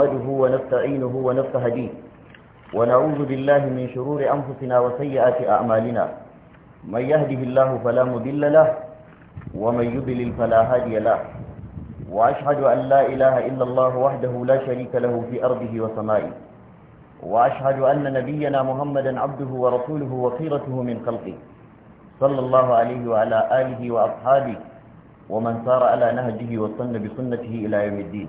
نحمده ونستعينه ونستهديه ونعوذ بالله من شرور أنفسنا وسيئات أعمالنا من يهده الله فلا مضل له ومن يضلل فلا هادي له وأشهد أن لا إله إلا الله وحده لا شريك له في أرضه وسمائه وأشهد أن نبينا محمدا عبده ورسوله وخيرته من خلقه صلى الله عليه وعلى آله وأصحابه ومن سار على نهجه واستنى بسنته إلى يوم الدين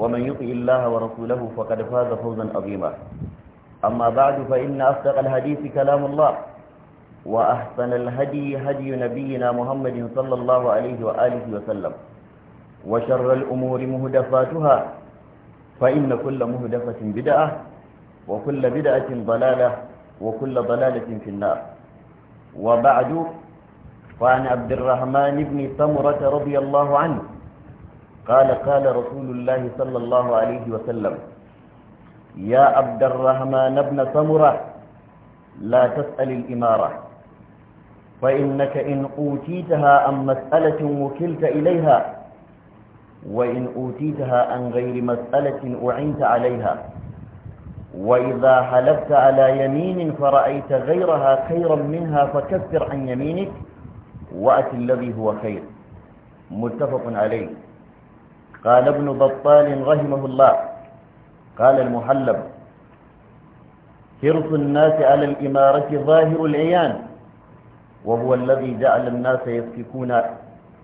ومن يطع الله ورسوله فقد فاز فوزا عظيما أما بعد فإن أصدق الحديث كلام الله وأحسن الهدي هدي نبينا محمد صلى الله عليه وآله وسلم وشر الأمور مهدفاتها فإن كل مهدفة بدعة وكل بدعة ضلالة وكل ضلالة في النار وبعد فعن عبد الرحمن بن سمرة رضي الله عنه قال قال رسول الله صلى الله عليه وسلم يا عبد الرحمن بن سمرة لا تسأل الإمارة فإنك إن أوتيتها عن مسألة وكلت إليها وإن أوتيتها عن غير مسألة أعنت عليها وإذا حلفت على يمين فرأيت غيرها خيرا منها فكفر عن يمينك وأت الذي هو خير متفق عليه قال ابن بطال رحمه الله قال المحلب حرص الناس على الإمارة ظاهر العيان وهو الذي جعل الناس يسفكون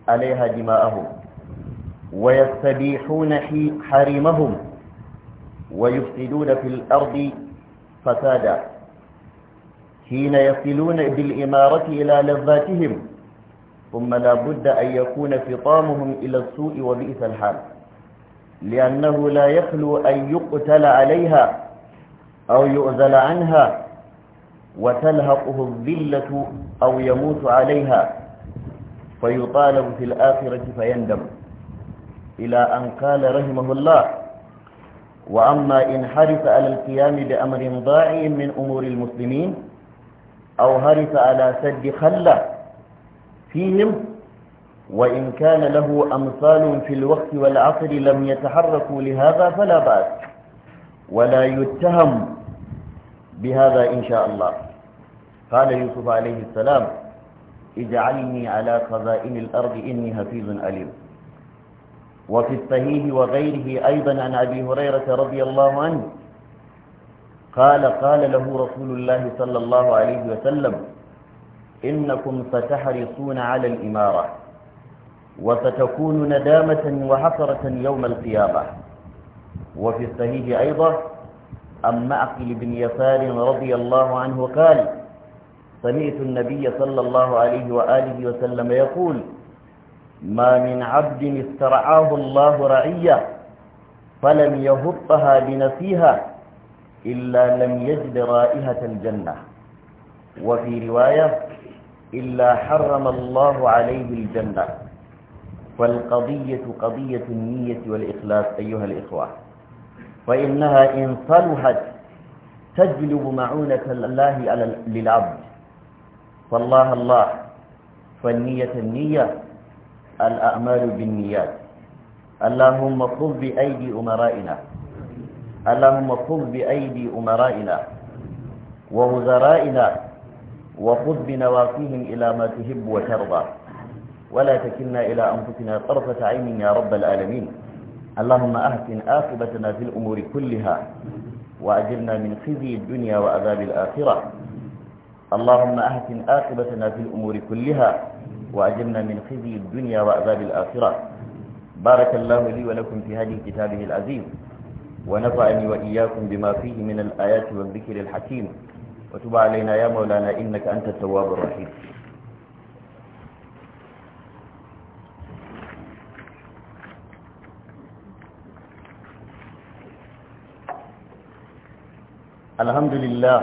عليها دماءهم ويستبيحون حريمهم ويفسدون في الأرض فسادا حين يصلون بالإمارة إلى لذاتهم ثم لا بد أن يكون فطامهم إلى السوء وبئس الحال لأنه لا يخلو أن يقتل عليها أو يؤذل عنها وتلهقه الذلة أو يموت عليها فيطالب في الآخرة فيندم إلى أن قال رحمه الله وأما إن حرف على القيام بأمر ضاعي من أمور المسلمين أو حرف على سد خله فيهم وإن كان له أمثال في الوقت والعصر لم يتحركوا لهذا فلا بأس ولا يتهم بهذا إن شاء الله قال يوسف عليه السلام اجعلني على خزائن الأرض إني حفيظ أليم وفي الصحيح وغيره أيضا عن أبي هريرة رضي الله عنه قال قال له رسول الله صلى الله عليه وسلم إنكم ستحرصون على الإمارة وستكون ندامة وحسرة يوم القيامة وفي الصحيح أيضا أما معقل بن يسار رضي الله عنه قال سمعت النبي صلى الله عليه وآله وسلم يقول ما من عبد استرعاه الله رعية فلم يهطها بنفيها إلا لم يجد رائحة الجنة وفي رواية إلا حرم الله عليه الجنة والقضية قضية النية والإخلاص أيها الإخوة وإنها إن صلحت تجلب معونة الله للعبد والله الله فالنية النية الأعمال بالنيات اللهم خذ بأيدي أمرائنا اللهم خذ بأيدي أمرائنا ووزرائنا وخذ بنواصيهم إلى ما تهب وترضى ولا تكلنا إلى أنفسنا طرفة عين يا رب العالمين اللهم أهتن آخبتنا في الأمور كلها وأجلنا من خزي الدنيا وأذاب الآخرة اللهم أهتن آخبتنا في الأمور كلها وأجلنا من خزي الدنيا وأذاب الآخرة بارك الله لي ولكم في هذه كتابه العزيز ونفعني وإياكم بما فيه من الآيات والذكر الحكيم وتب علينا يا مولانا إنك أنت التواب الرحيم الحمد لله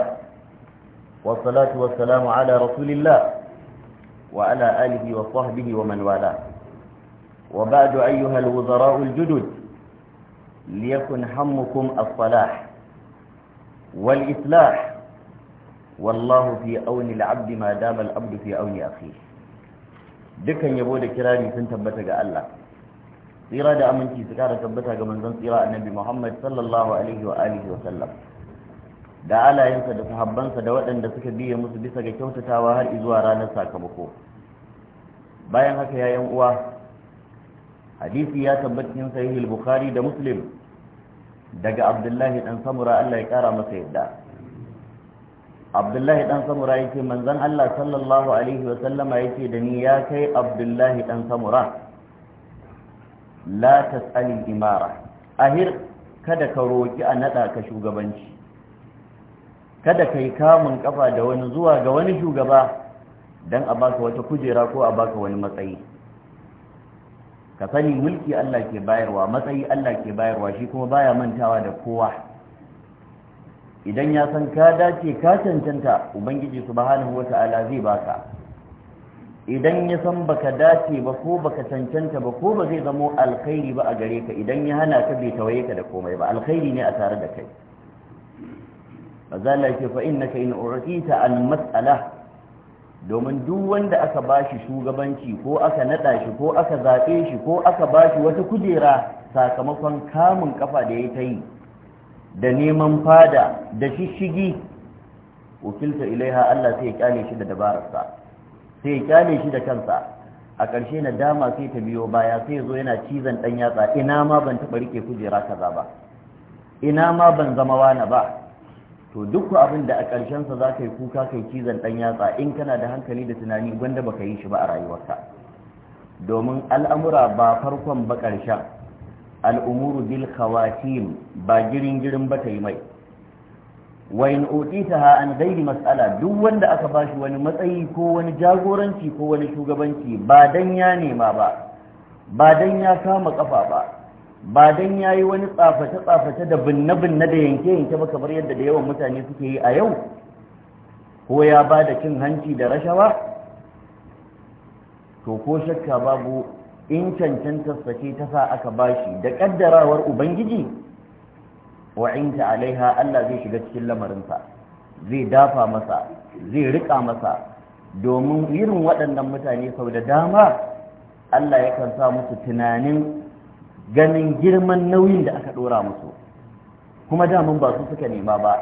والصلاة والسلام على رسول الله وعلى آله وصحبه ومن والاه وبعد أيها الوزراء الجدد ليكن همكم الصلاح والإصلاح wallahu fi auni al'abdi ma dama al'abdu fi auni akhi dukan yabo da kirari sun tabbata ga Allah tsira da aminci su kara tabbata ga manzon tsira annabi Muhammad sallallahu alaihi wa alihi wa sallam da alayensa da sahabbansa da waɗanda suka biye musu bisa ga kyautatawa har zuwa ranar sakamako bayan haka yayan uwa hadisi ya tabbata cikin sahih al-bukhari da muslim daga abdullahi dan samura Allah ya kara masa yadda abdullahi dan samura yake manzon Allah sallallahu alaihi wa sallama yake da ni ya kai abdullahi dan samura la tas'ali imara ahir kada ka roki a naɗa ka shugabanci kada yi kamun kafa da wani zuwa ga wani shugaba don a baka wata kujera ko a baka wani matsayi ka sani mulki Allah ke bayarwa matsayi Allah ke bayarwa shi kuma baya mantawa da kowa idan ya san ka dace ka cancanta ubangiji subhanahu wata'ala zai baka idan ya san baka dace ba ko baka cancanta ba ko ba zai zamo alkhairi ba a gare ka idan ya hana ka bai tawaye ka da komai ba alkhairi ne a tare da kai azalla na fa innaka in urita al mas'ala domin duk wanda aka bashi shugabanci ko aka nada shi ko aka zabe shi ko aka bashi wata kujera sakamakon kamun kafa da yayi ta yi da neman fada da shishigi wakilta ilaiha Allah sai ya kyale shi da dabararsa sai ya kyale shi da kansa a ƙarshe na dama sai ta biyo baya sai ya zo yana cizon ɗan yatsa ina ma ban taɓa rike kujera kaza ba ina ma ban zama wani ba to duk abin da a ƙarshensa za ka yi kuka kai cizon ɗan yatsa in kana da hankali da tunani gwanda baka yi shi ba a rayuwarka domin al'amura ba farkon ba ƙarshen al'umuru bil khawatim ba girin girin ba ta yi mai wa in utitaha an ghairi matsala. duk wanda aka bashi wani matsayi ko wani jagoranci ko wani shugabanci ba dan ya nema ba ba dan ya kama kafa ba ba dan yayi wani tsafata tsafata da binne binne da yanke yanke ba kamar yadda da yawan mutane suke yi a yau ko ya ba da cin hanci da rashawa to ko shakka babu in cancanta sake ta sa aka bashi da kaddarawar ubangiji wa inta alaiha Allah zai shiga cikin lamarinsa zai dafa masa zai rika masa domin irin waɗannan mutane sau da dama Allah yakan sa musu tunanin ganin girman nauyin da aka ɗora musu kuma daman ba su suka nema ba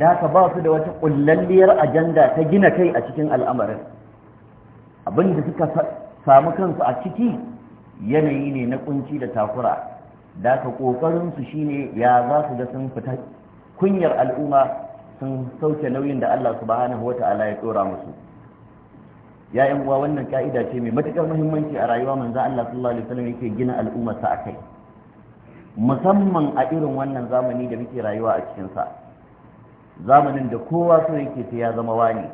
da haka ba su da wata ƙullalliyar ajanda ta gina kai a cikin al'amarin abin da suka samu kansu a ciki yanayi ne na kunci da takura da ka kokarinsu shine ya za su ga sun fita kunyar al'umma sun sauke nauyin da Allah subhanahu ta'ala ya tsora musu ya yan uwa wannan ka'ida ce mai matukar muhimmanci a rayuwa manzo Allah sallallahu alaihi wasallam yake gina al'umma sa akai musamman a irin wannan zamani da muke rayuwa a cikin sa zamanin da kowa so yake sai ya zama wani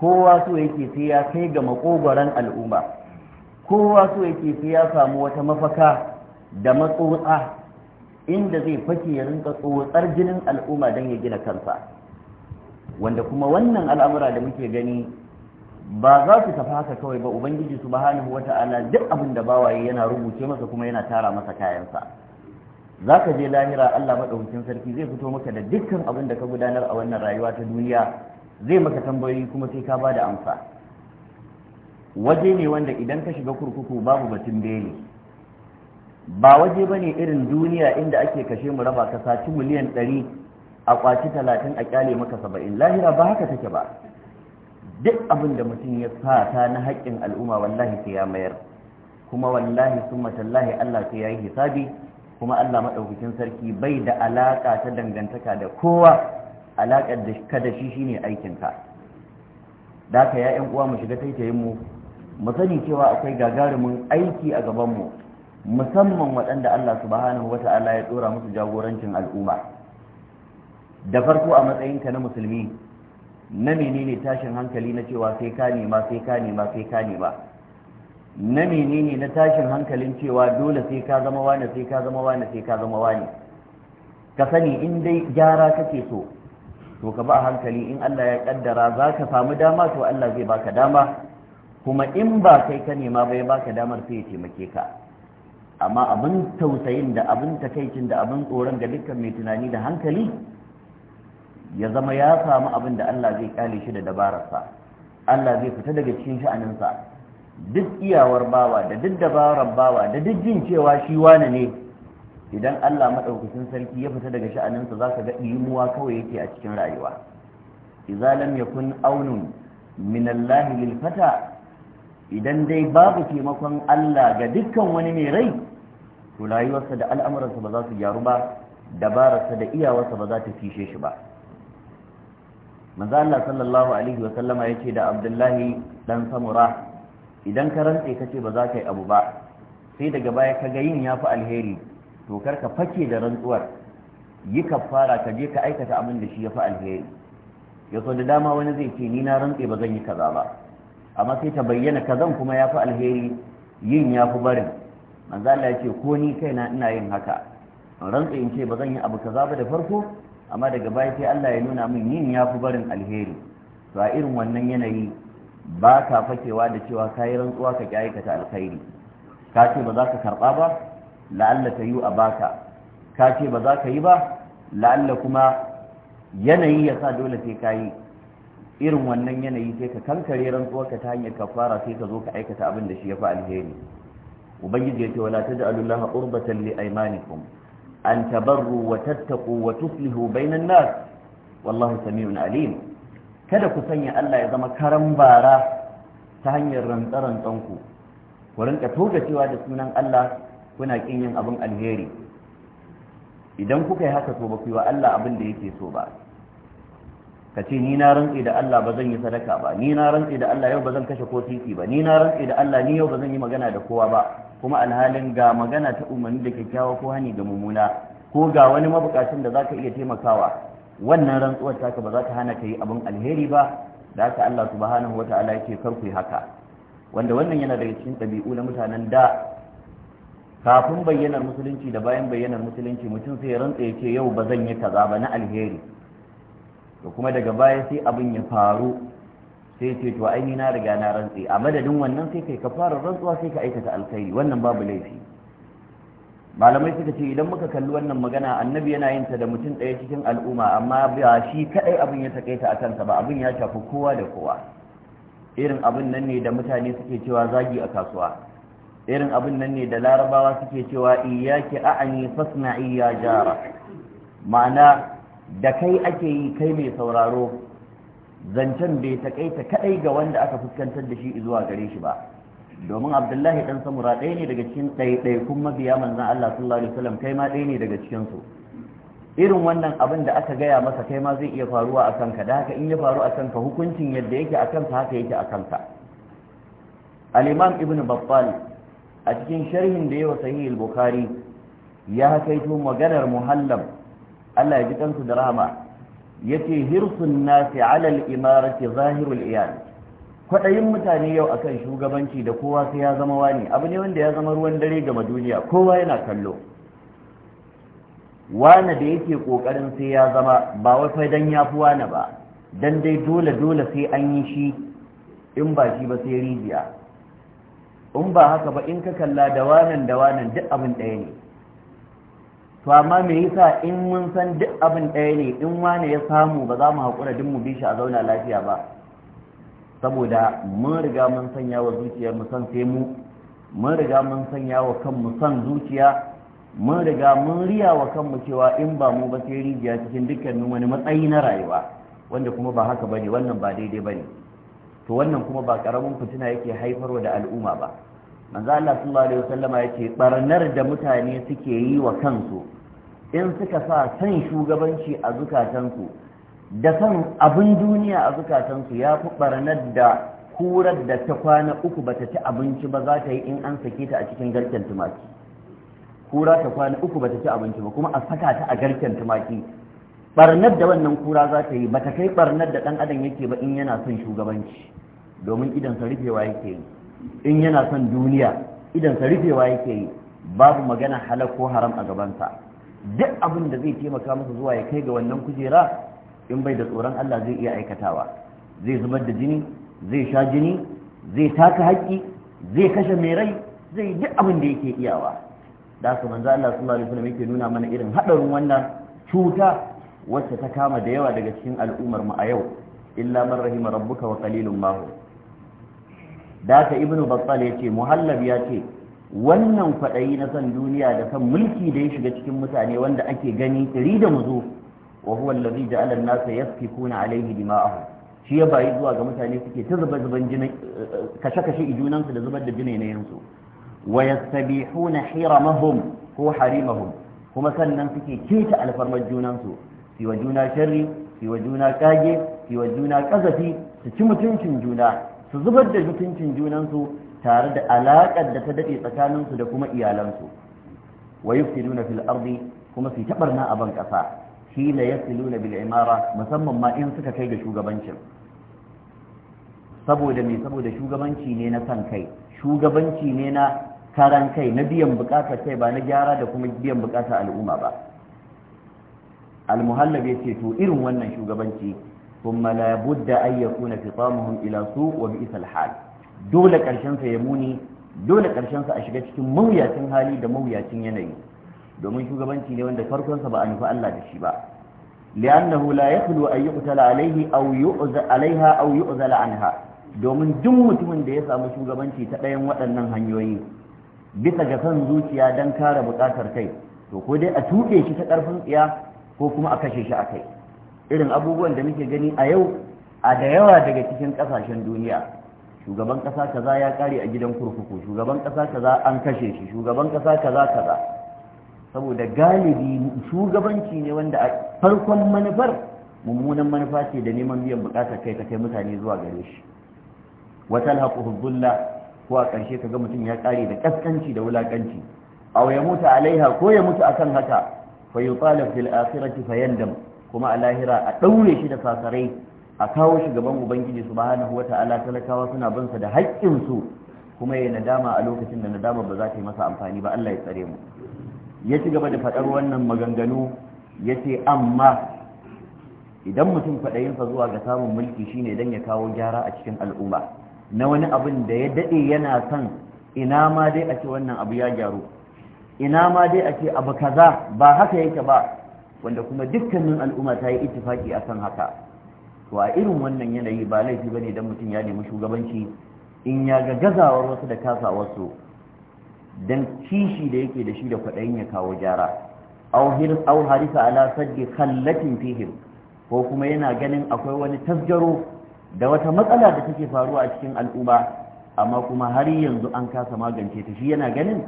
kowa so yake sai ya kai ga makogoran al'umma kowa so yake sai ya samu wata mafaka da matsotsa inda zai fake ya rinka tsotsar jinin al'umma don ya gina kansa wanda kuma wannan al'amura da muke gani ba za su tafi haka kawai ba ubangiji subhanahu wata'ala duk abin da bawaye yana rubuce masa kuma yana tara masa kayansa za ka je lahira allah maɗaukin sarki zai fito maka da dukkan abin da ka gudanar a wannan rayuwa ta duniya zai maka tambayoyi kuma sai ka ba da amsa waje ne wanda idan ka shiga kurkuku babu batun bene. ba waje ba ne irin duniya inda ake kashe mu raba ka saci miliyan ɗari a kwaci talatin a kyale maka saba'in lahira ba haka take ba duk abin da mutum ya sata na haƙƙin al'umma wallahi sai ya mayar kuma wallahi summa tallahi Allah sai ya yi hisabi kuma Allah maɗaukakin sarki bai da alaƙa ta dangantaka da kowa alaƙar da ka da shi shine aikinka da ka ya ƴan uwa mu shiga taitayin mu mu sani cewa akwai gagarumin aiki a gaban mu musamman waɗanda Allah subhanahu wata'ala ya dora musu jagorancin al'umma da farko a matsayinka na musulmi na menene tashin hankali na cewa sai ka nema sai ka nema sai ka nema na menene na tashin hankalin cewa dole sai ka zama wani sai ka zama wani sai ka zama wani ka sani in dai gyara kake so to ka ba hankali in Allah ya kaddara za ka samu dama to Allah zai baka dama kuma in ba kai ka nema ba ya baka damar sai ya taimake ka amma abin tausayin da abin takaicin da abin tsoron ga dukkan mai tunani da hankali ya zama ya samu abin da Allah zai kyale shi da dabararsa Allah zai fita daga cikin sha'aninsa duk iyawar bawa da duk dabarar bawa da duk jin cewa shi wane ne idan Allah madaukakin sarki ya fita daga sha'aninsa zaka ga imuwa kawai yake a cikin rayuwa idza lam yakun aunun min Allah lil fata idan dai babu taimakon Allah ga dukkan wani mai rai to rayuwarsa da al'amuransa ba za su gyaru ba dabararsa da iyawarsa ba za ta fishe shi ba manzo Allah sallallahu alaihi wa sallama yace da Abdullahi dan Samura idan ka rantse kace ba za ka yi abu ba sai daga baya ka ga yin yafi alheri to kar ka fake da rantsuwar yi ka fara ka je ka aikata abin da shi ya fi alheri ya so da dama wani zai ce ni na rantse ba zan yi kaza ba amma sai ta bayyana kazan kuma ya fi alheri yin ya fi barin manzo Allah ya ce ko ni kai na ina yin haka rantse in ce ba zan yi abu kaza ba da farko amma daga baya sai Allah ya nuna min yin ya fi barin alheri to a irin wannan yanayi ba ka fakewa da cewa ka yi rantsuwa ka ki aikata alkhairi ka ce ba za ka karɓa ba la'alla ta yi a baka ka ce ba za ka yi ba la'alla kuma yanayi ya sa dole sai ka yi irin wannan yanayi sai ka kankare rantsuwarka ta hanyar kafara sai ka zo ka aikata abin da shi ya fi alheri ubangiji ya ce wala taj'alu llaha qurbatan li aymanikum an tabarru wa tattaqu wa tuslihu bainan nas wallahu samiun alim kada ku sanya Allah ya zama karan bara ta hanyar rantsaran ku ku rinka toga cewa da sunan Allah kuna kin yin abin alheri idan kuka yi haka to ba ku yi wa Allah abin da yake so ba ka ce ni na rantsi da Allah ba zan yi sadaka ba ni na rantsi da Allah yau ba zan kashe ko titi ba ni na rantsi da Allah ni yau ba zan yi magana da kowa ba kuma alhalin ga magana ta umarni da kyakkyawa ko hani ga mummuna ko ga wani mabukacin da zaka iya taimakawa wannan rantsuwar taka ba za ta hana ka yi abin alheri ba da haka Allah subhanahu wataala yake kar ku yi haka wanda wannan yana daga cikin ɗabi'u na mutanen da kafin bayyanar musulunci da bayan bayyanar musulunci mutum sai ya rantsa ya ce yau ba zan yi kaza ba na alheri to kuma daga baya sai abin ya faru sai ce to ai na riga na rantsi a madadin wannan sai kai ka fara rantsuwa sai ka aikata alkhairi wannan babu laifi malamai suka ce idan muka kalli wannan magana annabi yana yin ta da mutum ɗaya cikin al'umma amma ba shi kaɗai abin ya takaita a kansa ba abin ya tafi kowa da kowa irin abin nan ne da mutane suke cewa zagi a kasuwa irin abin nan ne da larabawa suke cewa iyaki a'ani fasna'i ya jara ma'ana da kai ake yi kai mai sauraro zancen bai takaita kadai ga wanda aka fuskantar da shi zuwa gare shi ba domin abdullahi dan samura ɗaya ne daga cikin ɗaiɗaikun mabiya manzan allah sallallahu alaihi wasallam kai ma ɗaya ne daga cikin su irin wannan abin da aka gaya masa kai ma zai iya faruwa a kanka da haka in ya faru a kanka hukuncin yadda yake a kanka haka yake a kanka al-imam ibnu battal a cikin sharhin da yawa sahih al-bukhari ya kaito maganar muhallam Allah ya ji kansu da rahama yace hirsun nasi ala al-imarati zahirul iyal kwadayin mutane yau akan shugabanci da kowa sai ya zama wani abu ne wanda ya zama ruwan dare ga duniya kowa yana kallo wani da yake kokarin sai ya zama ba wai faidan ya fi wani ba dan dai dole dole sai an yi shi in ba shi ba sai rijiya in ba haka ba in ka kalla da wanan da wanan duk abin ɗaya ne to amma me yasa in mun san duk abin ɗaya ne in wane ya samu ba za mu haƙura duk mu bi shi a zauna lafiya ba saboda mun riga mun sanya wa zuciyar mu san sai mu mun riga mun sanya wa kanmu san zuciya mun riga mun riya wa kanmu cewa in ba mu ba sai rijiya cikin dukkanin wani matsayi na rayuwa wanda kuma ba haka bane wannan ba daidai bane to wannan kuma ba karamin fitina yake haifarwa da al'umma ba manzo Allah sallallahu alaihi wasallama yake barnar da mutane suke yi wa kansu in suka sa san shugabanci a zukatansu da san abin duniya a zukatansu ya fi barnar da kurar da ta kwana uku bata ci abinci ba za ta yi in an sake ta a cikin garken tumaki kura ta kwana uku bata ci abinci ba kuma a saka ta a garken tumaki barnar da wannan kura za ta yi bata kai barnar da ɗan adam yake ba in yana son shugabanci domin idan sa rufewa yake yi in yana son duniya idan sa rufewa yake yi babu magana halal ko haram a gabansa duk abin da zai taimaka masa zuwa ya kai ga wannan kujera in bai da tsoron Allah zai iya aikatawa zai zubar da jini zai sha jini zai taka haƙƙi zai kashe mai rai zai duk abin da yake iyawa da su manzo Allah sallallahu alaihi wasallam yake nuna mana irin hadarin wannan cuta wacce ta kama da yawa daga cikin al'ummar mu a yau illa man rahima rabbuka wa qalilun ma hum daka ibnu battal yace muhallab yace wannan kwadayi na san duniya da san mulki da ya shiga cikin mutane wanda ake gani kiri da muzo wa huwa allazi ja'ala an-nasa yasfikuna alayhi dima'ahum shi ya bayi zuwa ga mutane suke ta zuba zuban jinin kashe kashe ijunansu da zubar da jinainayensu wa yastabihuna hiramahum ko harimahum kuma sannan suke keta alfarmar junansu su wa juna sharri su wa juna kage su wa juna kazafi su ci mutuncin juna su zubar da mutuncin junansu tare da alaƙar da ta daɗe tsakaninsu da kuma iyalansu wa yufsiduna fil ardi kuma su tabarna a ban ƙasa la yasiluna bil imara musamman ma in suka kai ga shugabancin saboda me saboda shugabanci ne na san kai shugabanci ne na karan kai na biyan bukatar kai ba na gyara da kuma biyan bukatar al'umma ba Almuhallar ya ce to irin wannan shugabanci kuma la budda ayyaku yakuna fitamuhum ila su wa bi'sal hal dole karshen sa ya muni dole karshen sa a shiga cikin mawuyacin hali da mawuyacin yanayi domin shugabanci ne wanda farkon sa ba a nufi Allah da shi ba li'annahu la yakhlu an yuqtala alayhi aw alaiha aw yu'zala anha domin duk mutumin da ya samu shugabanci ta ɗayan waɗannan hanyoyi bisa ga son zuciya don kare buƙatar kai to ko dai a tuƙe shi ta ƙarfin tsiya ko kuma a kashe shi a kai irin abubuwan da muke gani a yau a da yawa daga cikin kasashen duniya shugaban kasa kaza ya kare a gidan kurkuku shugaban kasa kaza an kashe shi shugaban kasa kaza kaza saboda galibi shugabanci ne wanda a farkon manufar mummunan manufa ce da neman biyan bukatar kai ka kai mutane zuwa gare shi wata alhaquhu dhulla ko a ƙarshe kaga mutum ya kare da kaskanci da wulakanci aw ya mutu alaiha ko ya mutu akan haka fa yutalab fil akhirati fayandam kuma a lahira a daure shi da sasarai a kawo shi gaban ubangiji subhanahu ala talakawa suna bin sa da haƙƙin su kuma ya nadama a lokacin da nadama ba za ta yi masa amfani ba Allah ya tsare mu ya ci gaba da faɗar wannan maganganu ya ce amma idan mutum faɗayinsa zuwa ga samun mulki shine dan ya kawo gyara a cikin al'umma na wani abin da ya daɗe yana son ina ma dai a ce wannan abu ya gyaru ina ma dai ake abu kaza ba haka yake ba wanda kuma dukkanin al'umma ta yi ittifaki akan haka to a irin wannan yanayi ba laifi bane dan mutum ya nemi shugabanci in ya ga gazawar wasu da kasa wasu, dan kishi da yake da shi da kwaɗayin ya kawo gyara aw harisa ala saddi khallatin fihim ko kuma yana ganin akwai wani tasgaro da wata matsala da take faruwa a cikin al'umma amma kuma har yanzu an kasa magance ta shi yana ganin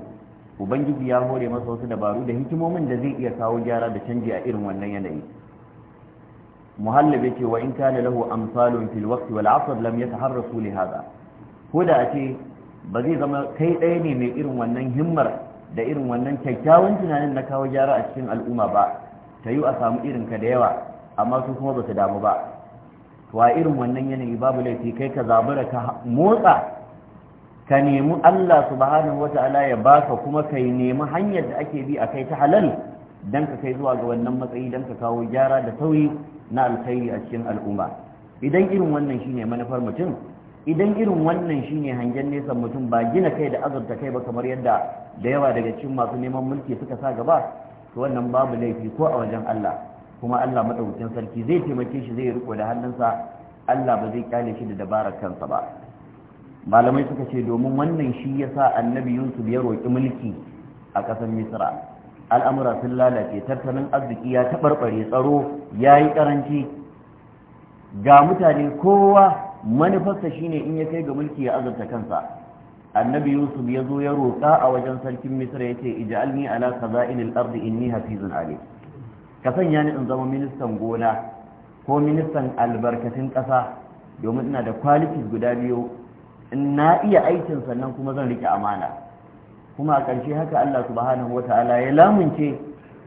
ubangiji ya hore masa wasu dabaru da hikimomin da zai iya kawo gyara da canji a irin wannan yanayi muhallab yake wa in kana lahu amsalun fil waqti wal asr lam yataharrasu li hada ko da ace ba zai zama kai ɗaya ne mai irin wannan himmar da irin wannan kyakkyawan tunanin na kawo gyara a cikin al'umma ba ta yi a samu irin ka da yawa amma su kuma ba su damu ba to a irin wannan yanayi babu laifi kai ka zabura ka motsa ka nemi Allah subhanahu wata'ala ya baka kuma ka nemi hanyar da ake bi a kai ta halal don ka kai zuwa ga wannan matsayi dan ka kawo gyara da sauyi na alkhairi a cikin al'umma idan irin wannan shine manufar mutum idan irin wannan shine hangen nesa mutum ba gina kai da azurta kai ba kamar yadda da yawa daga cikin masu neman mulki suka sa gaba to wannan babu laifi ko a wajen Allah kuma Allah madaukakin sarki zai taimake shi zai riko da hannunsa Allah ba zai kyale shi da dabarar kansa ba malamai suka ce domin wannan shi ya sa annabi yusuf ya roƙi mulki a ƙasar misra al'amura sun lalace tattalin arziki ya taɓarɓare tsaro ya yi ƙaranci ga mutane kowa manufarsa shine in ya kai ga mulki ya azurta kansa annabi yusuf ya zo ya roƙa a wajen sarkin misra ya ce ija'alni ala khaza'inil ardi inni hafizun Ali. ka sanya ni in zama ministan gona ko ministan albarkatun ƙasa domin ina da kwalifis guda biyu na iya aikin sannan kuma zan rike amana kuma a ƙarshe haka Allah subhanahu wata'ala ya lamunce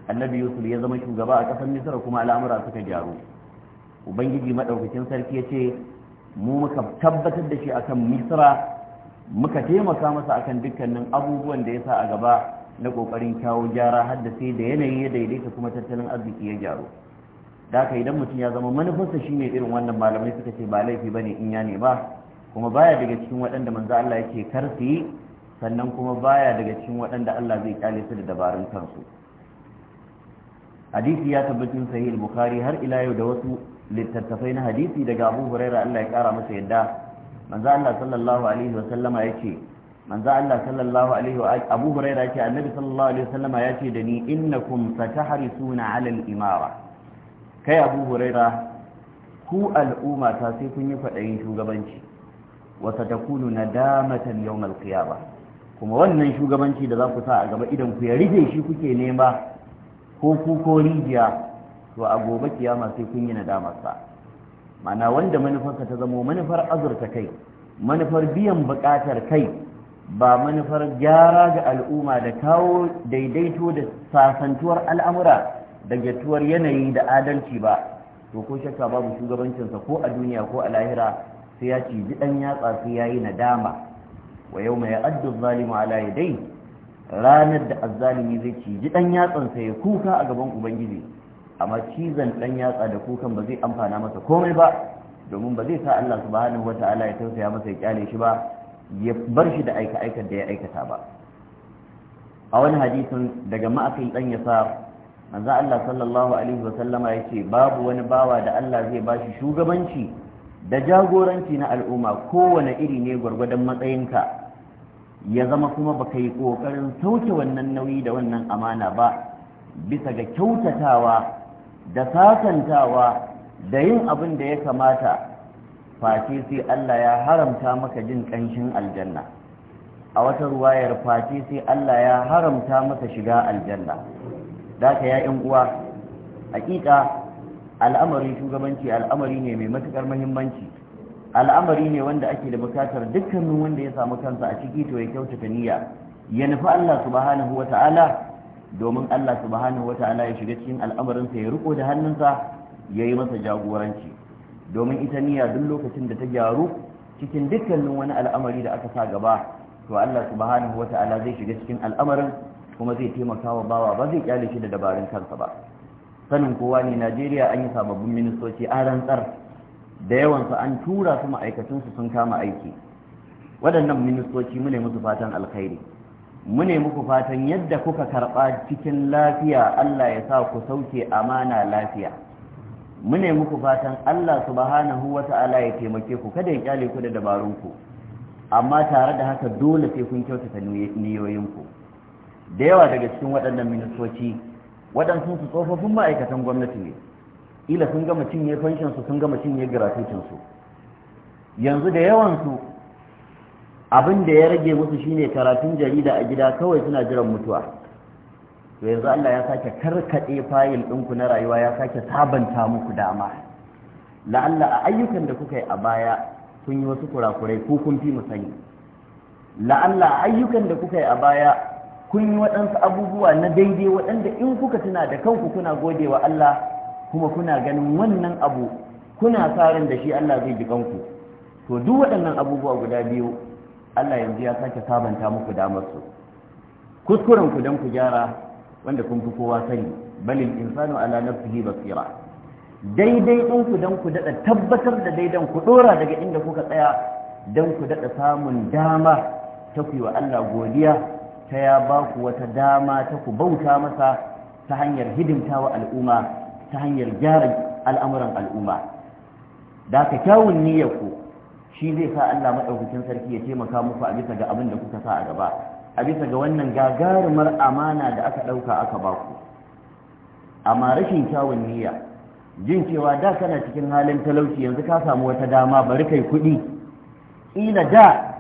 annabi Yusuf ya zama shugaba a ƙasar Misra kuma al'amura suka gyaru ubangiji madaukakin sarki ya ce mu muka tabbatar da shi akan Misra muka taimaka masa akan dukkanin abubuwan da ya sa a gaba na kokarin kyawo gyara har da sai da yanayi ya daidaita kuma tattalin arziki ya gyaru da haka idan mutum ya zama manufarsa shine irin wannan malamai suka ce ba laifi bane in ya ne ba kuma baya daga cikin waɗanda manzo Allah yake kar su sannan kuma baya daga cikin waɗanda Allah zai kyale su da dabarun kansu hadisi ya tabbatin sahih al-bukhari har ila yau da wasu littattafai na hadisi daga Abu Huraira Allah ya kara masa yadda manzo Allah sallallahu alaihi wa sallama yace manzo Allah sallallahu alaihi wa Abu Huraira yace annabi sallallahu alaihi wa sallama yace da ni innakum satahrisuna ala al-imara kai Abu Huraira ku al'umma ta sai kun yi fadayin shugabanci wata ta kunu na damatan yau ba, kuma wannan shugabanci da za ku sa a gaba idan ku ya rige shi kuke nema ko ku ko rijiya to a gobe kiyama sai kun yi nadamarsa mana wanda manufarka ta zamo manufar azurta kai manufar biyan bukatar kai ba manufar gyara ga al'umma da kawo daidaito da sasantuwar al'amura da gatuwar yanayi da adalci ba to ko shakka babu shugabancinsa ko a duniya ko a lahira sai ya ciji ɗan yatsa sai ya yi nadama wa yau mai addu zalimu ala ya dai ranar da azzalimi zai ciji ɗan sa ya kuka a gaban ubangiji amma cizon ɗan yatsa da kukan ba zai amfana masa komai ba domin ba zai sa Allah subhanahu wa ta'ala ya tausaya masa ya kyale shi ba ya bar shi da aika aikan da ya aikata ba a wani hadisin daga ma'akin dan ya sa manzo Allah sallallahu alaihi wa sallama yace babu wani bawa da Allah zai bashi shugabanci da jagoranci na al'umma kowane iri ne gwargwadon matsayinka ya zama kuma baka yi ƙoƙarin sauke wannan nauyi da wannan amana ba bisa ga kyautatawa da sasantawa da yin abin da ya kamata Fati sai Allah ya haramta maka jin ƙanshin aljanna a wata ruwayar Fati sai Allah ya haramta maka shiga aljanna da ka ya uwa hakika al'amarin shugabanci al'amari ne mai matukar muhimmanci al'amari ne wanda ake da bukatar dukkanin wanda ya samu kansa a ciki to ya kyautata niyya ya nufi Allah subhanahu ta'ala domin Allah subhanahu ya shiga cikin al'amarinsa ya riko da hannunsa ya yi masa jagoranci domin ita niyya duk lokacin da ta gyaru cikin dukkanin wani al'amari da aka sa gaba to Allah subhanahu zai shiga cikin al'amarin kuma zai taimaka wa bawa ba zai kyale shi da dabarun kansa ba sanin kowa ne najeriya an yi sababbin ministoci an rantsar da yawansu an tura su ma'aikatunsu sun kama aiki waɗannan ministoci mu ne musu fatan alkhairi mu ne muku fatan yadda kuka karɓa cikin lafiya allah ya sa ku sauke amana lafiya mu ne muku fatan allah subhanahu wa ta'ala ya taimake ku kada ya kyale ku da dabarun ku amma tare da haka dole sai kun kyautata niyoyinku da yawa daga cikin waɗannan ministoci waɗansu su tsofaffin ma'aikatan gwamnati ne ila sun gama cinye fanshinsu sun gama cinye gratuitinsu yanzu da yawansu abin da ya rage musu shine karatun jarida a gida kawai suna jiran mutuwa to yanzu Allah ya sake karkaɗe fayil ɗinku na rayuwa ya sake sabanta muku dama la'alla a ayyukan da kuka yi a baya sun yi wasu kurakurai ko kun fi mu sani la'alla a ayyukan da kuka yi a baya kun yi waɗansu abubuwa na daidai waɗanda in kuka tuna da kanku kuna gode wa Allah kuma kuna ganin wannan abu kuna tsarin da shi Allah zai ji kanku to duk waɗannan abubuwa guda biyu Allah yanzu ya sake sabanta muku damar su kuskuren ku dan ku gyara wanda kun fi kowa sani balil insanu ala nafsihi basira daidai din ku dan ku dada tabbatar da daidan ku dora daga inda kuka tsaya dan ku dada samun dama ta wa Allah godiya ta ya ba ku wata dama ta ku bauta masa ta hanyar hidimtawa al'umma ta hanyar gyara al'amuran al'umma da ka kyawun ku. shi zai sa Allah maɗaukacin sarki ya taimaka muku a bisa ga abin da kuka sa a gaba a bisa ga wannan gagarumar amana da aka ɗauka aka ba ku amma rashin kyawun niyya jin cewa da kana cikin halin talauci yanzu ka samu wata dama bari kai kuɗi Ina da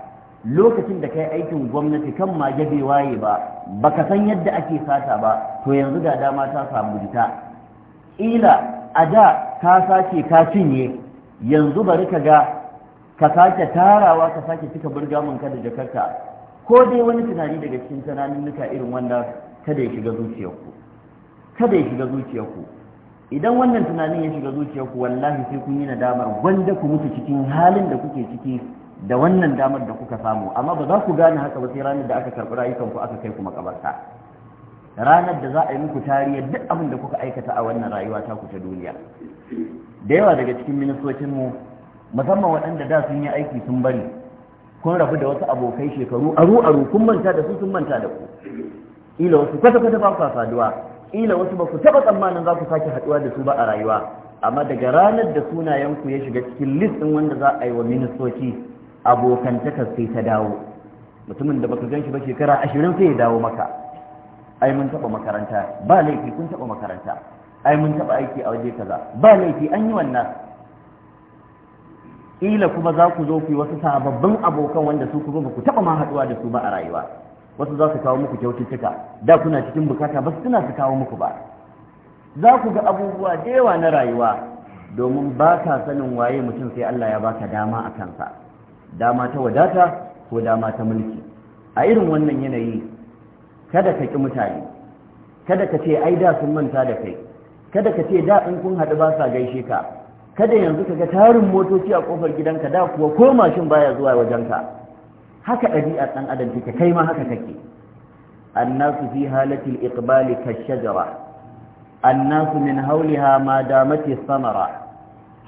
lokacin da kai aikin gwamnati kan ma waye ba baka san yadda ake sata ba to yanzu ga dama ta samu jita ila a da ka sace ka cinye yanzu bari ka ga ka sake tarawa ka sake cika burgamin ka da jakarta ko dai wani tunani daga cikin tunanin tunaninnika irin wanda kada ya shiga zuciyarku kada ya shiga zuciyarku idan wannan tunanin ya shiga zuciyarku wallahi sai kun yi nadamar gwanda ku mutu cikin halin da kuke ciki da wannan damar da kuka samu amma ba za ku gane haka ba sai ranar da aka karɓi rayukanku aka kai ku makabarta ranar da za a yi muku tariya duk abin da kuka aikata a wannan rayuwa ta ku ta duniya da yawa daga cikin ministocinmu musamman waɗanda da sun yi aiki sun bari kun rabu da wasu abokai shekaru aru aru kun manta da su sun manta da ku ila wasu kwata kwata ba ku saduwa ila wasu ba ku taɓa tsammanin za ku sake haɗuwa da su ba a rayuwa amma daga ranar da sunayenku ya shiga cikin listin wanda za a yi wa ministoci abokantaka sai ta dawo mutumin da baka gan shi ba shekara ashirin sai ya dawo maka ai mun taɓa makaranta ba laifi kun taɓa makaranta ai mun taɓa aiki a waje kaza ba laifi an yi wannan ƙila kuma za ku zo ku yi wasu sababbin abokan wanda su kuma ku taɓa ma haɗuwa da su ba a rayuwa wasu za su kawo muku kyaututtuka da kuna cikin bukata ba su tuna su kawo muku ba za ku ga abubuwa da yawa na rayuwa domin ba ka sanin waye mutum sai Allah ya baka dama a kansa dama ta wadata ko dama ta mulki a irin wannan yanayi kada ka ƙi mutane kada ka ce ai da sun manta da kai kada ka ce da in kun haɗu ba sa gaishe ka kada yanzu ka ga tarin motoci a ƙofar gidanka da kuwa ko mashin baya zuwa wajen ka, haka ɗabi'ar ɗan adam ka kai ma haka kake annasu fi halatil iqbali kashajara annasu min hawliha ma damati samara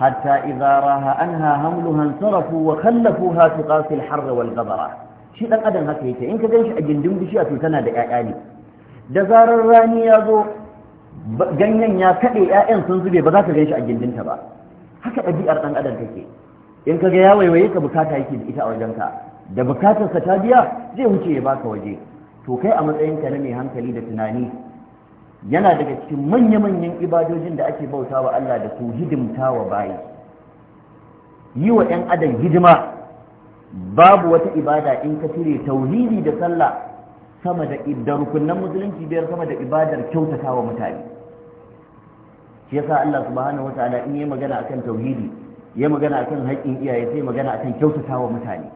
حتى إذا راها أنها هملها انصرفوا وخلفوها تقاسي الحر والغبرة shi dan adam haka yake in ka gan shi a bishiya to tana da ƴaƴa ne da zarar rani ya zo ganyen ya kaɗe 'ya'yan sun zube ba za ka gan shi ba haka ɗabi'ar ɗan adam take in ka ga ya waiwaye ka bukata yake da ita a wajenka da bukatarsa ta biya zai wuce ya baka waje to kai a ta na mai hankali da tunani yana daga cikin manya-manyan ibadojin da ake bauta wa Allah da su hidimta wa bayi yi wa 'yan adam hidima babu wata ibada in ka cire tauhidi da sallah sama da da rukunnan musulunci biyar sama da ibadar kyautata wa mutane shi yasa Allah subhanahu wataala in yi magana akan tauhidi yayi magana akan haƙƙin iyaye sai magana akan kyautata wa mutane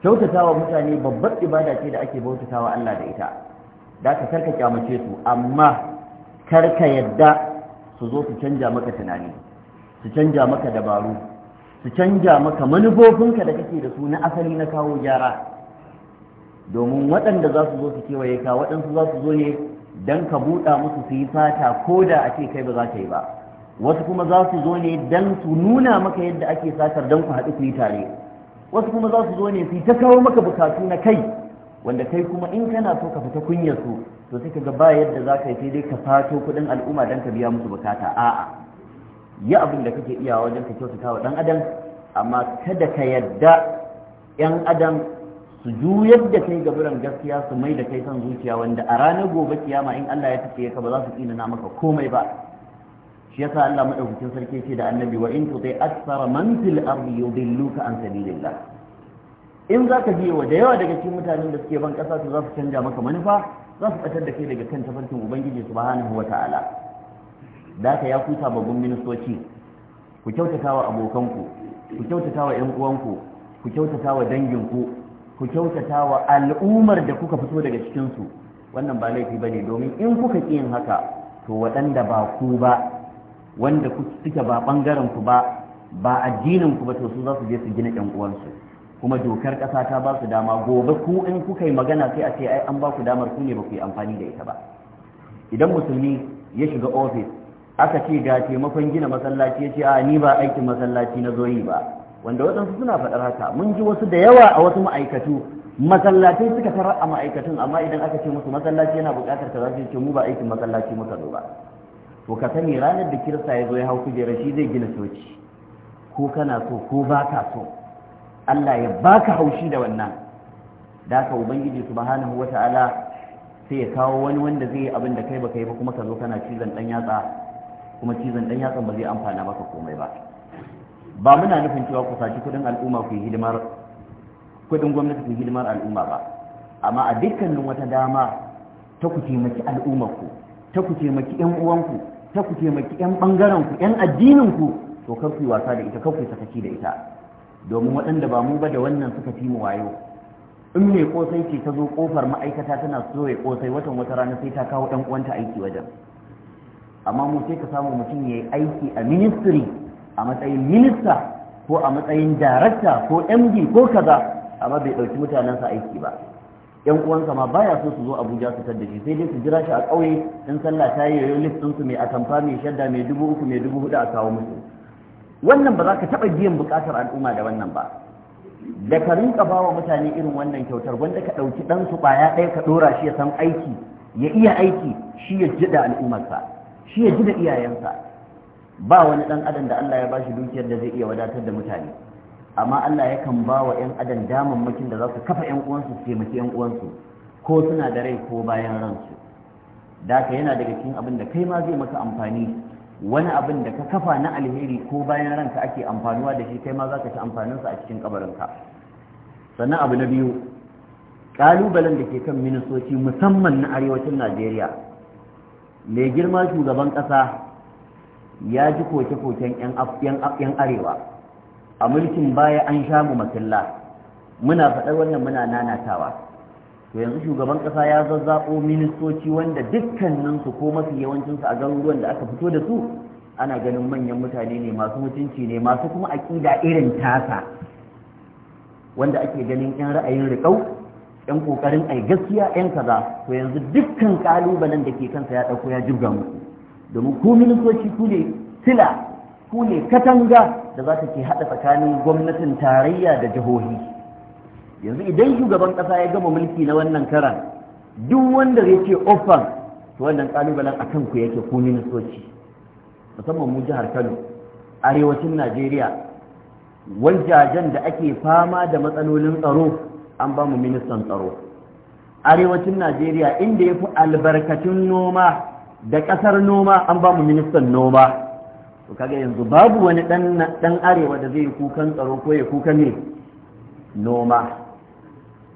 kyautata wa mutane babbar ibada ce da ake bautata wa Allah da ita da ka karka kyamace su amma karka yadda su zo su canja maka tunani su canja maka dabaru su canja maka manufofinka da kake da su na asali na kawo gyara domin waɗanda za su zo su kewaye ka waɗansu za su zo ne don ka buɗa musu su yi fata ko da a ce kai ba za ka yi ba wasu kuma za su zo ne don su nuna maka yadda ake satar don ku haɗu su yi tare wasu kuma za su zo ne su yi ta kawo maka bukatu na kai wanda kai kuma in kana so ka fita kunyar su to sai kaga ba yadda za ka yi sai dai ka fato kuɗin al'umma dan ka biya musu bukata a'a yi abin da kake iya wajen ka kyautata wa ɗan adam amma kada ka yadda 'yan adam su juyar da kai gaburan gaskiya su mai da kai son zuciya wanda a ranar gobe kiyama in Allah ya tafiye ka ba za su na maka komai ba shi yasa Allah madaukakin sarki ce da annabi wa in tuti aksara man fil ardi yudilluka an sabilillah in za ka biye wa da yawa daga cikin mutanen da suke ban ƙasa su za su canja maka manufa za su ɓatar da kai daga kan tafarkin ubangiji subhanahu wa ta'ala da ka ya kuta babban ministoci ku kyautata wa abokanku ku kyautata wa 'yan uwanku ku kyautata wa danginku ku kyautata wa al'ummar da kuka fito daga cikin su wannan ba laifi ba ne domin in kuka ki yin haka to waɗanda ba ku ba wanda suke ba ɓangaren ku ba ba addinin ku ba to su za su je su gina 'yan uwansu kuma dokar ƙasa ta ba su dama gobe ku in kuka yi magana sai a ce ai an ba ku damar ku ne ba ku yi amfani da ita ba idan musulmi ya shiga ofis aka ce ga taimakon gina masallaci ya ce a ni ba aikin masallaci na zo yi ba wanda waɗansu suna faɗar haka mun ji wasu da yawa a wasu ma'aikatu masallatai suka tara a ma'aikatun amma idan aka ce musu masallaci yana buƙatar ka za su ce mu ba aikin masallaci muka zo ba to ka sani ranar da kirista ya zo ya hau kujerar shi zai gina coci ko kana so ko ba ka so Allah ya baka haushi da wannan da ka ubangiji subhanahu wata'ala sai ya kawo wani wanda zai yi abin da kai ba yi ba kuma ka zo kana cizon dan yatsa kuma cizon dan yatsan ba zai amfana maka komai ba ba muna nufin cewa ku saci kudin al'umma ku yi hidimar kudin gwamnati ku yi hidimar al'umma ba amma a dukkanin wata dama ta ku taimaki al'ummarku ta ku taimaki yan uwanku ta ku taimaki yan bangarenku yan addininku to kar ku yi wasa da ita kar ku sakaci da ita domin waɗanda ba mu ba da wannan suka fi mu wayo in mai kosai ce ta zo kofar ma'aikata tana so ya kosai watan wata rana sai ta kawo ɗan uwanta aiki wajen amma mu sai ka samu mutum ya yi aiki a ministry a matsayin minista ko a matsayin darakta ko md ko kaza amma bai ɗauki mutanensa aiki ba yan uwansa ma baya so su zo abuja su tadda shi sai dai su jira shi a ƙauye in sallah ta yi yayin list ɗinsu mai atamfa mai shadda mai dubu uku mai dubu hudu a kawo musu wannan ba za ka taɓa biyan buƙatar al'umma da wannan ba da ka rinka ba wa mutane irin wannan kyautar wanda ka ɗauki ɗansu ɓaya ɗaya ka ɗora shi ya san aiki ya iya aiki shi ya ji da al'ummarsa shi ya ji da iyayensa ba wani ɗan adam da Allah ya ba shi dukiyar da zai iya wadatar da mutane amma Allah yakan ba wa 'yan adam damammakin da za su kafa 'yan uwansu su taimaki 'yan uwansu ko suna da rai ko bayan ransu da yana daga cikin abin da kai ma zai maka amfani wani abin da ka kafa na alheri ko bayan ranka ake amfanuwa da shi kai ma za ka ci amfaninsa a cikin kabarinka sannan abu na biyu ƙalubalen da ke kan ministoci musamman na arewacin najeriya mai girma shugaban ƙasa ya ji koke-koken 'yan arewa a mulkin baya an sha mu masilla muna faɗar wannan muna nanatawa to yanzu shugaban kasa ya zazzabo ministoci wanda dukkaninsu ko mafi yawancinsu a garuruwan da aka fito da su ana ganin manyan mutane ne masu mutunci ne masu kuma aƙida irin tasa wanda ake ganin yan ra'ayin riƙau yan ƙoƙarin ai gaskiya yan kaza to yanzu dukkan ƙalubalen da ke kansa ya ɗauko ya jirga mu. domin ku ministoci ku ne sila ku ne katanga da za ta ke haɗa tsakanin gwamnatin tarayya da jihohi yanzu idan shugaban kasa ya gama mulki na wannan karan duk wanda zai ce ofan to wannan kalubalen a kanku yake ku ministoci musamman mu jihar kano arewacin najeriya wajajen da ake fama da matsalolin tsaro an ba mu ministan tsaro arewacin najeriya inda ya fi albarkatun noma da kasar noma an ba mu ministan noma to kaga yanzu babu wani dan arewa da zai kukan tsaro ko ya kuka ne noma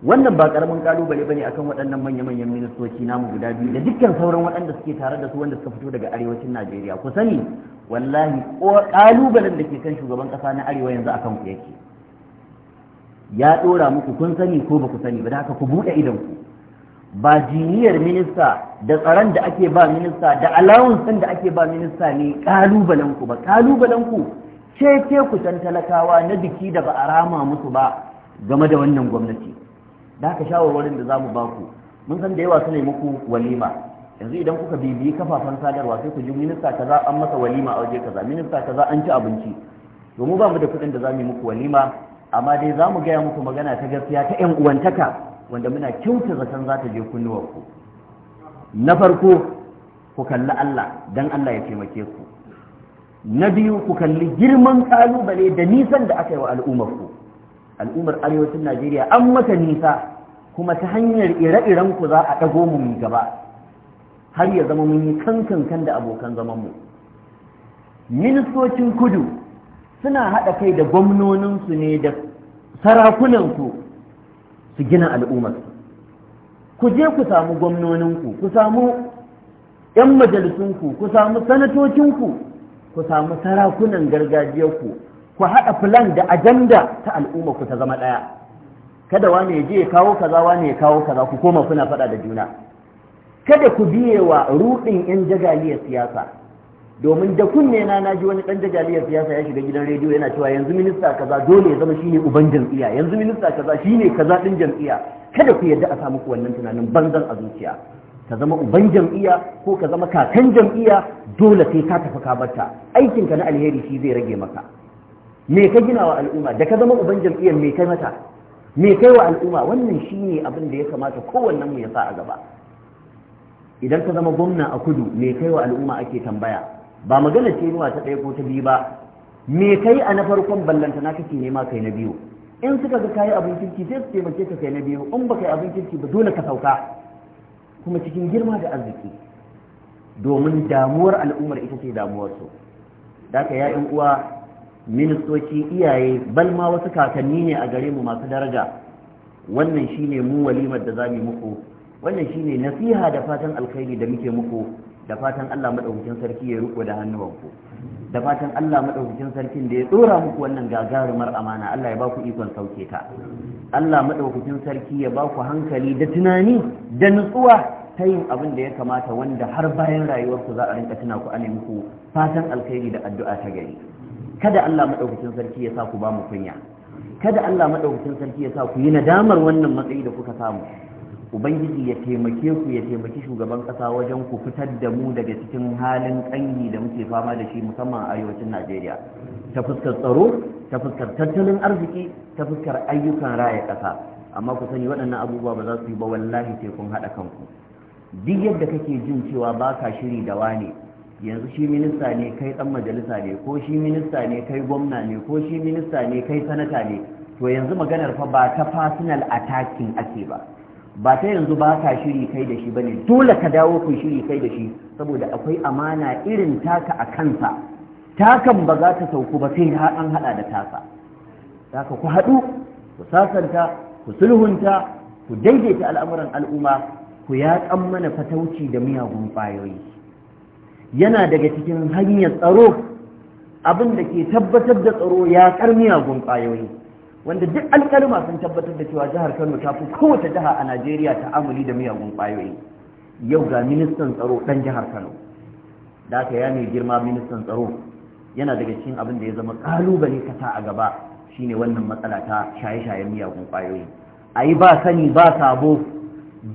wannan ba karamin kalubale bane akan waɗannan manya-manyan ministoci namu guda biyu da dukkan sauran waɗanda suke tare da su wanda suka fito daga arewacin Najeriya ku sani wallahi ko kalubalen da ke kan shugaban ƙasa na arewa yanzu akan ku yake ya dora muku kun sani ko ba ku sani ba da haka ku buɗe idan ku ba jiniyar minista da tsaron da ake ba minista da allowance da ake ba minista ne kalubalen ku ba kalubalen ku ce ce ku talakawa na biki da ba a rama musu ba game da wannan gwamnati da haka shawarwarin da zamu ba ku mun san da yawa su ne muku walima yanzu idan kuka bibiyi kafafen sadarwa sai ku ji minista kaza an masa walima a waje kaza minista kaza an ci abinci to mu ba mu da kuɗin da zamu yi muku walima amma dai za mu gaya muku magana ta gaskiya ta 'yan uwantaka wanda muna kyauta zaton za ta je kunnuwarku na farko ku kalli Allah dan Allah ya taimake ku na biyu ku kalli girman kalubale da nisan da aka yi wa al'ummarku al'ummar arewacin najeriya an maka nisa kuma ta hanyar ire-iren ku za a ɗago mu mu gaba har ya zama mun yi kankan kan da abokan zaman mu ministocin kudu suna haɗa kai da gwamnoninsu ne da sarakunansu su gina al'ummar. ku je ku samu gwamnoninku ku samu 'yan majalisunku ku samu sanatocinku ku samu sarakunan gargajiyar ku ku haɗa filan da ajanda ta al'umma ku ta zama ɗaya kada wani ya je ya kawo kaza wani ya kawo kaza ku koma kuna faɗa da juna kada ku biye wa ruɗin 'yan jagaliyar siyasa domin da kunne na na wani ɗan jagaliyar siyasa ya shiga gidan rediyo yana cewa yanzu minista kaza dole ya zama shine uban jam'iyya yanzu minista kaza shine kaza ɗin jam'iyya kada ku yarda a sa muku wannan tunanin banzan a zuciya ka zama uban jam'iyya ko ka zama kakan jam'iyya dole sai ka tafi ka barta aikinka na alheri shi zai rage maka me ka gina wa al'umma da ka zama uban jam'iyyar me kai mata me kai wa al'umma wannan shine abin da ya kamata kowannen mu ya sa a gaba idan ka zama gwamna a kudu me kai wa al'umma ake tambaya ba magana ce ruwa ta ɗaya ko ta biyu ba me kai a na farkon ballanta na kake nema kai na biyu in suka ga kayi abin kirki sai su taimake ka kai na biyu in ba kai abin kirki ba dole ka sauka kuma cikin girma da arziki domin damuwar al'ummar ita ce damuwarsu da ka ya uwa ministoci iyaye bal ma wasu kakanni ne a gare mu masu daraja wannan shine mu walimar da zamu muku wannan shine nasiha da fatan alkhairi da muke muku da fatan Allah madaukakin sarki ya riko da hannuwanku da fatan Allah madaukakin sarkin da ya tsora muku wannan gagarumar amana Allah ya ba ku ikon sauke ta Allah madaukakin sarki ya baku hankali da tunani da nutsuwa ta yin abin da ya kamata wanda har bayan rayuwarku za a rinka tuna ku ana muku fatan alkhairi da addu'a ta gari kada Allah madaukakin sarki ya sa ku ba mu kunya kada Allah maɗaukacin sarki ya sa ku yi nadamar wannan matsayi da kuka samu ubangiji ya taimake ku ya taimaki shugaban kasa wajen ku fitar da mu daga cikin halin kangi da muke fama da shi musamman a arewacin najeriya ta fuskar tsaro ta fuskar tattalin arziki ta fuskar ayyukan raya ƙasa. amma ku sani waɗannan abubuwa ba za su yi ba wallahi sai kun haɗa kanku duk yadda kake jin cewa ba ka shiri da wane yanzu shi minista ne kai dan majalisa ne ko shi minista ne kai gwamna ne ko shi minista ne kai sanata ne to yanzu maganar fa ba ta personal attacking ake ba ba ta yanzu ba ka shiri kai da shi bane dole ka dawo ku shiri kai da shi saboda akwai amana irin taka a kansa takan ba za ta sauku ba sai an hada da taka zaka ku haɗu ku sasanta ku sulhunta ku daidaita al'amuran al'umma ku yatsan mana fatauci da miyagun ƙwayoyi yana daga cikin hanyar tsaro abin da ke tabbatar da tsaro ya karmiya gun ƙayoyi wanda duk alkalma sun tabbatar da cewa jihar kano ta fi kowace jiha a najeriya ta amuli da miyagun ƙwayoyi yau ga ministan tsaro ɗan jihar kano da aka ya girma ministan tsaro yana daga cikin abin da ya zama kalubale ka a gaba shine wannan matsala ta shaye-shayen miyagun ƙwayoyi a ba sani ba sabo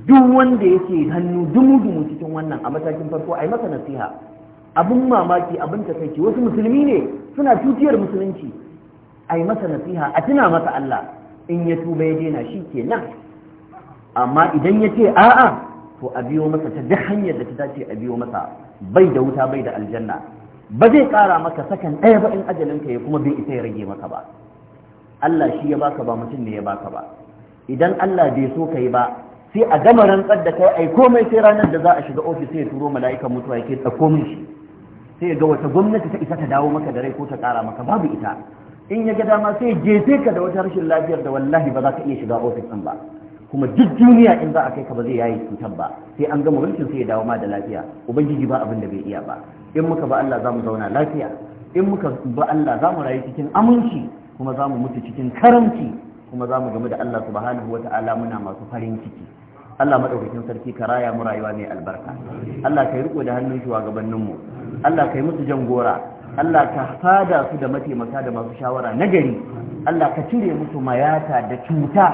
duk wanda yake hannu dumu-dumu cikin wannan a matakin farko a yi masa nasiha abin mamaki abin takaici wasu musulmi ne suna cutiyar musulunci a yi masa nasiha a tuna masa Allah in ya tuba ya daina shi ke nan amma idan ya ce a'a to a biyo masa ta duk hanyar da ta dace a biyo masa bai da wuta bai da aljanna ba zai kara maka sakan ɗaya ba in ka ya kuma bai isa ya rage maka ba Allah shi ya baka ba mutum ne ya baka ba idan Allah bai so kai ba sai a gama rantsar da kai ai komai sai ranar da za a shiga ofis sai ya turo mala'ikan mutuwa yake tsako min shi sai ga wata gwamnati ta isa ta dawo maka da rai ko ta kara maka babu ita in ya ga dama sai jefe ka da wata rashin lafiyar da wallahi ba za ka iya shiga ofis ɗin ba kuma duk duniya in za a kai ka ba zai yayi cutar ba sai an gama mulkin sai ya dawo ma da lafiya ubangiji ba abin da bai iya ba in muka ba Allah za mu zauna lafiya in muka ba Allah za mu rayu cikin aminci kuma za mu mutu cikin karamci kuma za mu gamu da Allah subhanahu wata'ala muna masu farin ciki Allah madaukakin sarki ka raya mu rayuwa mai albarka Allah kai riko da hannun shugabannin mu Allah kai musu jan gora Allah ka fada su da mataimaka da masu shawara nagari gari Allah ka cire musu mayata da cuta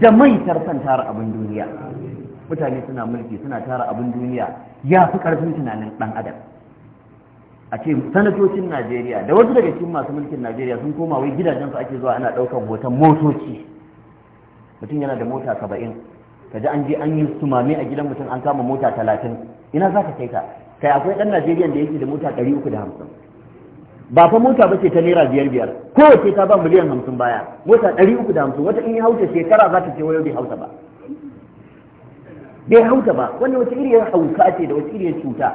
da mai tarfan tara abin duniya mutane suna mulki suna tara abin duniya ya fi karfin tunanin dan adam a ce sanatocin najeriya da wasu daga cikin masu mulkin najeriya sun koma wai gidajensu ake zuwa ana ɗaukan hoton motoci mutum yana da mota saba'in kaji an je an yi sumame a gidan mutum an kama mota talatin ina za ka kai ka? kai akwai ɗan najeriya da yake da mota ɗari uku da hamsin ba fa mota ba ce ta naira biyar biyar kowace ta ba miliyan hamsin baya mota ɗari uku da hamsin wata in ya hauta shekara za ta ce wayo bai hauta ba bai hauta ba wani wata iriyar hauka ce da wata iriyar cuta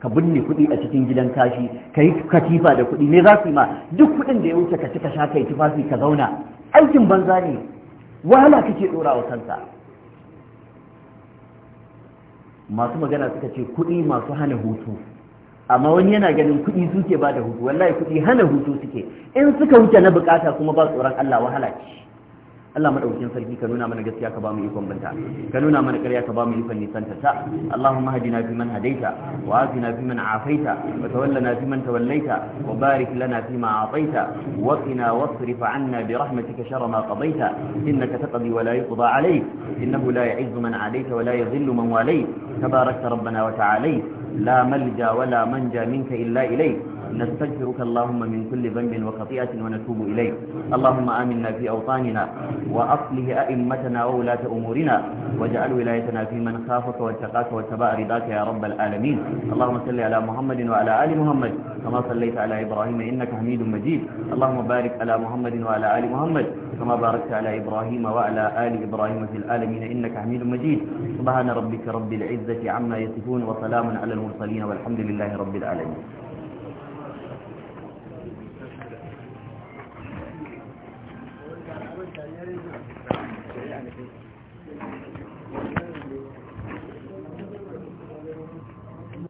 ka binne kuɗi a cikin gidan kashi ka yi katifa da kuɗi ne za su yi ma duk kuɗin da ya wuce ka ci ka sha yi tufafi ka zauna aikin banza ne wahala kake ɗora wa kansa masu magana suka ce kuɗi masu hana hutu amma wani yana ganin kuɗi suke ba da hutu wallahi kuɗi hana hutu suke in suka wuce na bukata kuma ba tsoron Allah wahala ce Allah madaukakin sarki ka nuna mana gaskiya ka ba mu ikon banta ka nuna mana ƙarya ka ba mu ikon nisanta ta Allahumma hadina fi man hadaita wa afina fi man afaita wa tawallana fi man tawallaita wa barik lana fi ma ataita wa qina wasrif anna bi rahmatika sharra ma qadaita innaka taqdi wa la yuqda alayk innahu la ya'izzu man adaita wa la yadhillu man walayt tabarakta rabbana wa ta'alayt la malja wa la manja minka illa ilayk نستغفرك اللهم من كل ذنب وخطيئة ونتوب إليك اللهم آمنا في أوطاننا وأصله أئمتنا وولاة أمورنا واجعل ولايتنا في من خافك واتقاك واتبع رضاك يا رب العالمين اللهم صل على محمد وعلى آل محمد كما صليت على إبراهيم إنك حميد مجيد اللهم بارك على محمد وعلى آل محمد كما باركت على إبراهيم وعلى آل إبراهيم في العالمين إنك حميد مجيد سبحان ربك رب العزة عما يصفون وسلام على المرسلين والحمد لله رب العالمين